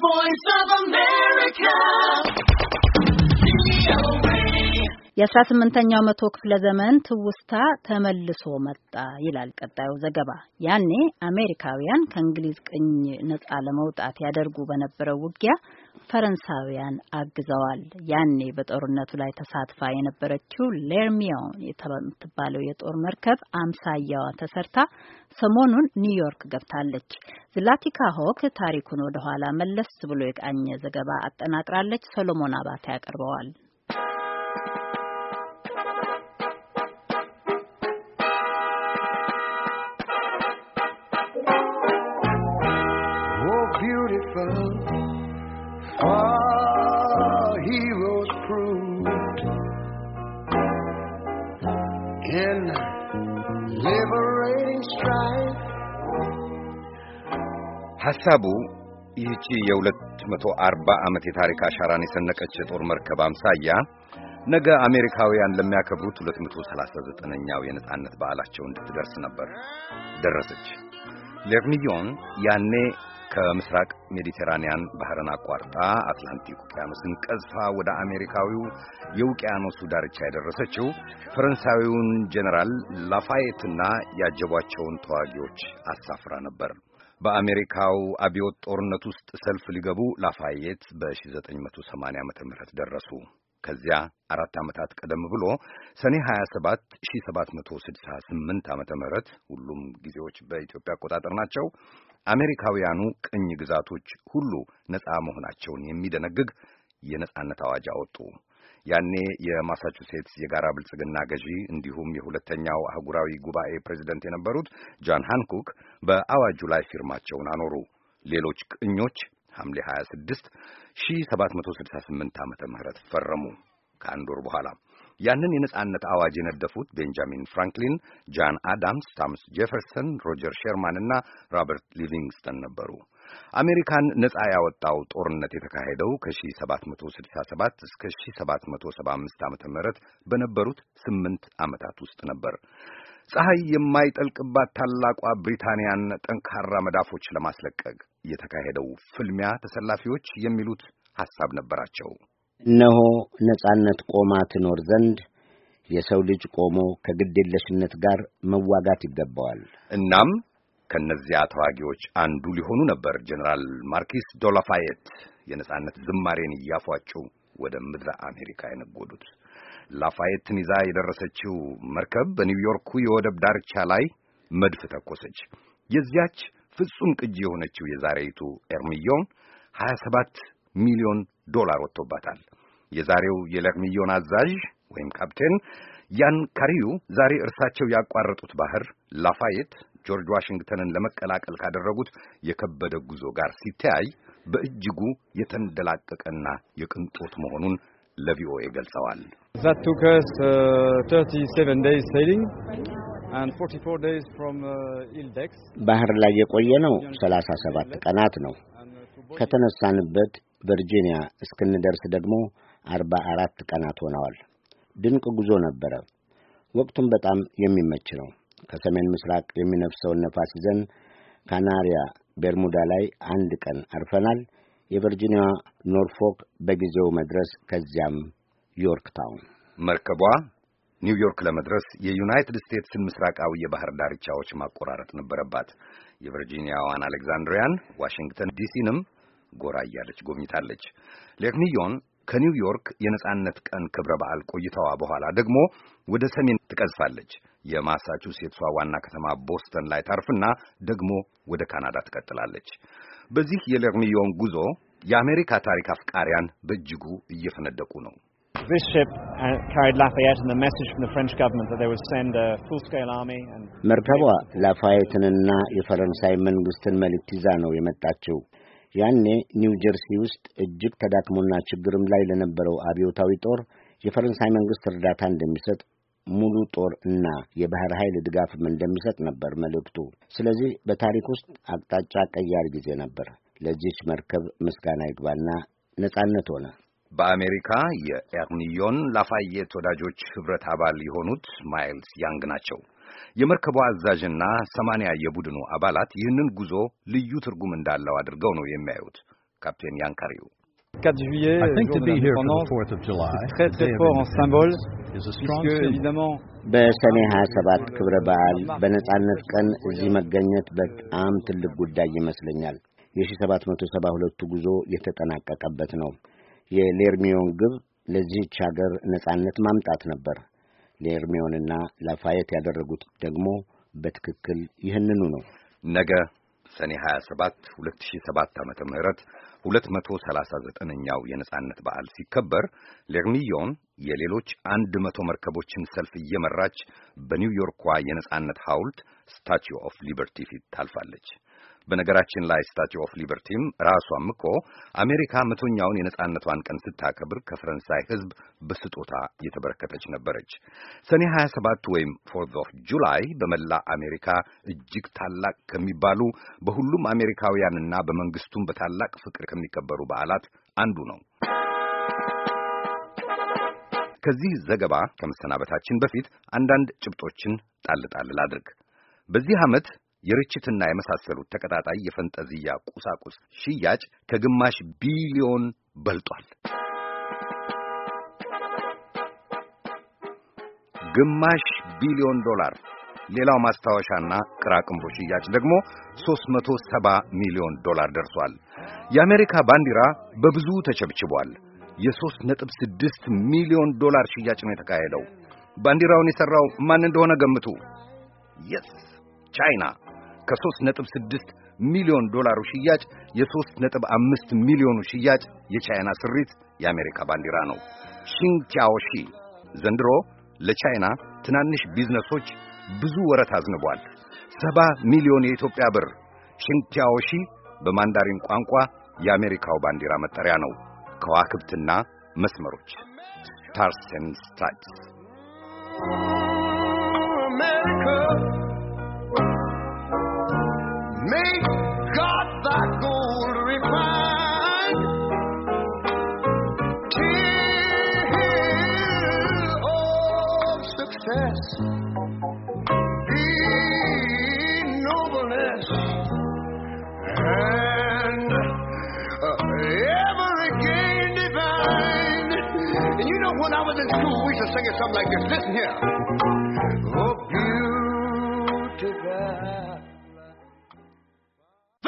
voice of America. የአስራ ስምንተኛው መቶ ክፍለ ዘመን ትውስታ ተመልሶ መጣ ይላል ቀጣዩ ዘገባ። ያኔ አሜሪካውያን ከእንግሊዝ ቅኝ ነጻ ለመውጣት ያደርጉ በነበረው ውጊያ ፈረንሳውያን አግዘዋል። ያኔ በጦርነቱ ላይ ተሳትፋ የነበረችው ሌርሚዮን የምትባለው የጦር መርከብ አምሳያዋ ተሰርታ ሰሞኑን ኒውዮርክ ገብታለች። ዝላቲካ ሆክ ታሪኩን ወደኋላ መለስ ብሎ የቃኘ ዘገባ አጠናቅራለች። ሰሎሞን አባተ ያቀርበዋል። people Our heroes proved in liberating strife. ሐሳቡ ይህቺ የ240 ዓመት የታሪክ አሻራን የሰነቀች የጦር መርከብ አምሳያ ነገ አሜሪካውያን ለሚያከብሩት 239ኛው የነጻነት በዓላቸው እንድትደርስ ነበር። ደረሰች። ሌርሚዮን ያኔ ከምስራቅ ሜዲቴራንያን ባህርን አቋርጣ አትላንቲክ ውቅያኖስን ቀዝፋ ወደ አሜሪካዊው የውቅያኖሱ ዳርቻ የደረሰችው ፈረንሳዊውን ጄኔራል ላፋየትና ያጀቧቸውን ተዋጊዎች አሳፍራ ነበር። በአሜሪካው አብዮት ጦርነት ውስጥ ሰልፍ ሊገቡ ላፋየት በ1980 ዓ ም ደረሱ። ከዚያ አራት ዓመታት ቀደም ብሎ ሰኔ 27 1768 ዓመተ ምህረት ሁሉም ጊዜዎች በኢትዮጵያ አቆጣጠር ናቸው አሜሪካውያኑ ቅኝ ግዛቶች ሁሉ ነፃ መሆናቸውን የሚደነግግ የነፃነት አዋጅ አወጡ። ያኔ የማሳቹሴትስ የጋራ ብልጽግና ገዢ እንዲሁም የሁለተኛው አህጉራዊ ጉባኤ ፕሬዚደንት የነበሩት ጃን ሃንኮክ በአዋጁ ላይ ፊርማቸውን አኖሩ። ሌሎች ቅኞች ሐምሌ 26 1768 ዓመተ ምህረት ፈረሙ ከአንድ ወር በኋላ ያንን የነጻነት አዋጅ የነደፉት ቤንጃሚን ፍራንክሊን፣ ጃን አዳምስ፣ ታምስ ጄፈርሰን፣ ሮጀር ሼርማን እና ሮበርት ሊቪንግስተን ነበሩ። አሜሪካን ነጻ ያወጣው ጦርነት የተካሄደው ከ1767 እስከ 1775 ዓ ም በነበሩት ስምንት ዓመታት ውስጥ ነበር። ፀሐይ የማይጠልቅባት ታላቋ ብሪታንያን ጠንካራ መዳፎች ለማስለቀቅ የተካሄደው ፍልሚያ ተሰላፊዎች የሚሉት ሐሳብ ነበራቸው። እነሆ ነጻነት ቆማ ትኖር ዘንድ የሰው ልጅ ቆሞ ከግዴለሽነት ጋር መዋጋት ይገባዋል። እናም ከእነዚያ ተዋጊዎች አንዱ ሊሆኑ ነበር ጀኔራል ማርኪስ ዶላፋየት የነጻነት ዝማሬን እያፏጩ ወደ ምድረ አሜሪካ የነጎዱት። ላፋየትን ይዛ የደረሰችው መርከብ በኒውዮርኩ የወደብ ዳርቻ ላይ መድፍ ተኮሰች። የዚያች ፍጹም ቅጂ የሆነችው የዛሬይቱ ኤርሚዮን 27 ሚሊዮን ዶላር ወጥቶባታል። የዛሬው የለርሚዮን አዛዥ ወይም ካፕቴን ያን ካሪዩ ዛሬ እርሳቸው ያቋረጡት ባህር ላፋየት ጆርጅ ዋሽንግተንን ለመቀላቀል ካደረጉት የከበደ ጉዞ ጋር ሲተያይ በእጅጉ የተንደላቀቀና የቅንጦት መሆኑን ለቪኦኤ ገልጸዋል። ባህር ላይ የቆየነው ሰላሳ ቀናት ነው። ከተነሳንበት ቨርጂኒያ እስክንደርስ ደግሞ አርባ አራት ቀናት ሆነዋል። ድንቅ ጉዞ ነበረ። ወቅቱም በጣም የሚመች ነው። ከሰሜን ምስራቅ የሚነፍሰውን ነፋስ ይዘን ካናሪያ ቤርሙዳ ላይ አንድ ቀን አርፈናል። የቨርጂኒያ ኖርፎክ በጊዜው መድረስ ከዚያም ዮርክ ታውን መርከቧ ኒውዮርክ ለመድረስ የዩናይትድ ስቴትስን ምስራቃዊ የባህር ዳርቻዎች ማቆራረጥ ነበረባት። የቨርጂኒያዋን አሌክዛንድሪያን፣ ዋሽንግተን ዲሲንም ጎራ እያለች ጎብኝታለች። ሌክኒዮን ከኒውዮርክ የነጻነት ቀን ክብረ በዓል ቆይታዋ በኋላ ደግሞ ወደ ሰሜን ትቀዝፋለች። የማሳቹሴትሷ ዋና ከተማ ቦስተን ላይ ታርፍና ደግሞ ወደ ካናዳ ትቀጥላለች። በዚህ የሌርሚዮን ጉዞ የአሜሪካ ታሪክ አፍቃሪያን በእጅጉ እየፈነደቁ ነው። መርከቧ ላፋየትንና የፈረንሳይ መንግስትን መልእክት ይዛ ነው የመጣችው። ያኔ ኒው ጀርሲ ውስጥ እጅግ ተዳክሞና ችግርም ላይ ለነበረው አብዮታዊ ጦር የፈረንሳይ መንግስት እርዳታ እንደሚሰጥ ሙሉ ጦር እና የባህር ኃይል ድጋፍም እንደሚሰጥ ነበር መልእክቱ። ስለዚህ በታሪክ ውስጥ አቅጣጫ ቀያር ጊዜ ነበር። ለዚች መርከብ ምስጋና ይግባና ነጻነት ሆነ። በአሜሪካ የኤርኒዮን ላፋየት ወዳጆች ኅብረት አባል የሆኑት ማይልስ ያንግ ናቸው። የመርከቧ አዛዥና ሰማንያ የቡድኑ አባላት ይህንን ጉዞ ልዩ ትርጉም እንዳለው አድርገው ነው የሚያዩት። ካፕቴን ያንካሪው በሰኔ 27 ክብረ በዓል በነጻነት ቀን እዚህ መገኘት በጣም ትልቅ ጉዳይ ይመስለኛል። የ1772ቱ ጉዞ የተጠናቀቀበት ነው። የሌርሚዮን ግብ ለዚህች ሀገር ነጻነት ማምጣት ነበር። ሌርሚዮንና ላፋየት ያደረጉት ደግሞ በትክክል ይህንኑ ነው። ነገ ሰኔ 27 2007 ዓመተ ምህረት 239ኛው የነጻነት በዓል ሲከበር ሌርሚዮን የሌሎች አንድ መቶ መርከቦችን ሰልፍ እየመራች በኒውዮርኳ የነጻነት ሐውልት ስታቹ ኦፍ ሊበርቲ ፊት ታልፋለች። በነገራችን ላይ ስታቲው ኦፍ ሊበርቲም ራሷም እኮ አሜሪካ መቶኛውን የነጻነቷን ቀን ስታከብር ከፈረንሳይ ሕዝብ በስጦታ እየተበረከተች ነበረች። ሰኔ 27 ወይም ፎርዝ ኦፍ ጁላይ በመላ አሜሪካ እጅግ ታላቅ ከሚባሉ በሁሉም አሜሪካውያንና በመንግስቱም በታላቅ ፍቅር ከሚከበሩ በዓላት አንዱ ነው። ከዚህ ዘገባ ከመሰናበታችን በፊት አንዳንድ ጭብጦችን ጣል አድርግ። በዚህ ዓመት የርችትና የመሳሰሉት ተቀጣጣይ የፈንጠዚያ ቁሳቁስ ሽያጭ ከግማሽ ቢሊዮን በልጧል። ግማሽ ቢሊዮን ዶላር። ሌላው ማስታወሻና ቅራቅንቦ ሽያጭ ደግሞ 370 ሚሊዮን ዶላር ደርሷል። የአሜሪካ ባንዲራ በብዙ ተቸብችቧል። የ3.6 ሚሊዮን ዶላር ሽያጭ ነው የተካሄደው። ባንዲራውን የሠራው ማን እንደሆነ ገምቱ? የስ ቻይና ከ3.6 ሚሊዮን ዶላሩ ሽያጭ የ3.5 ሚሊዮኑ ሽያጭ የቻይና ስሪት የአሜሪካ ባንዲራ ነው። ሺንቻዎሺ ዘንድሮ ለቻይና ትናንሽ ቢዝነሶች ብዙ ወረት አዝንቧል። ሰባ ሚሊዮን የኢትዮጵያ ብር። ሺንቻዎሺ በማንዳሪን ቋንቋ የአሜሪካው ባንዲራ መጠሪያ ነው። ከዋክብትና መስመሮች ስታርስ ኤንድ ስትራይፕስ Make God thy gold refine. Tears of success be nobleness and uh, every gain divine. And you know, when I was in school, we used to sing it something like this. Listen here. Oh, beautiful.